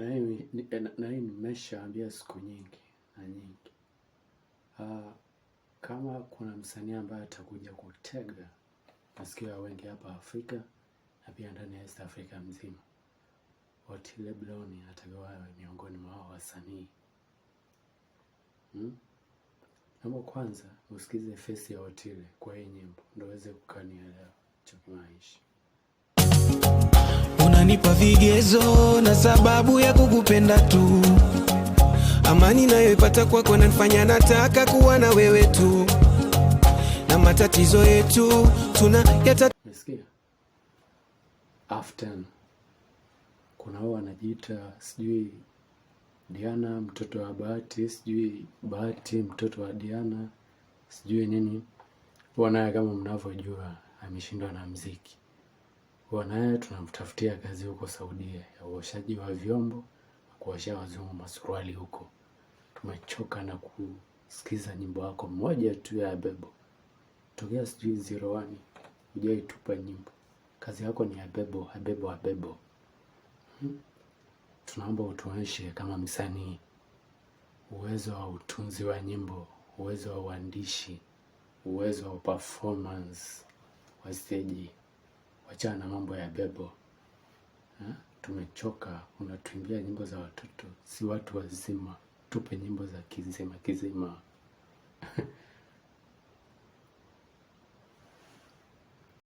na hii nimeshaambia siku nyingi na nyingi. Aa, ah, kama kuna msanii ambaye atakuja kutega masikio ya wengi hapa Afrika na pia ndani ya East Africa mzima, Otile Brown atakiwa miongoni mwa hao wasanii hmm? kwanza usikize fesi ya Otile kwa hii nyimbo ndio uweze kukanielewa chokimaanisha unanipa vigezo na sababu ya kukupenda tu. Amani nayoipata kwako nanifanya nataka kuwa na wewe tu, na matatizo yetu tunayata Aftan kuna wao wanajiita sijui Diana mtoto wa Bahati, sijui Bahati mtoto wa Diana, sijui nini. Huwa naye kama mnavyojua ameshindwa na mziki. Naye tunamtafutia kazi huko Saudia ya uoshaji wa vyombo na kuoshea wazungu masuruali huko. Tumechoka na kusikiza nyimbo yako moja tu ya bebo tokea sijui zero one, hujaitupa nyimbo. Kazi yako ni Abebo, Abebo, Abebo. Hmm? Tunaomba utuonyeshe kama msanii uwezo wa utunzi wa nyimbo, uwezo wa uandishi, uwezo wa performance wa stage wachana na mambo ya bebo ha? Tumechoka, unatuimbia nyimbo za watoto, si watu wazima. Tupe nyimbo za kizima kizima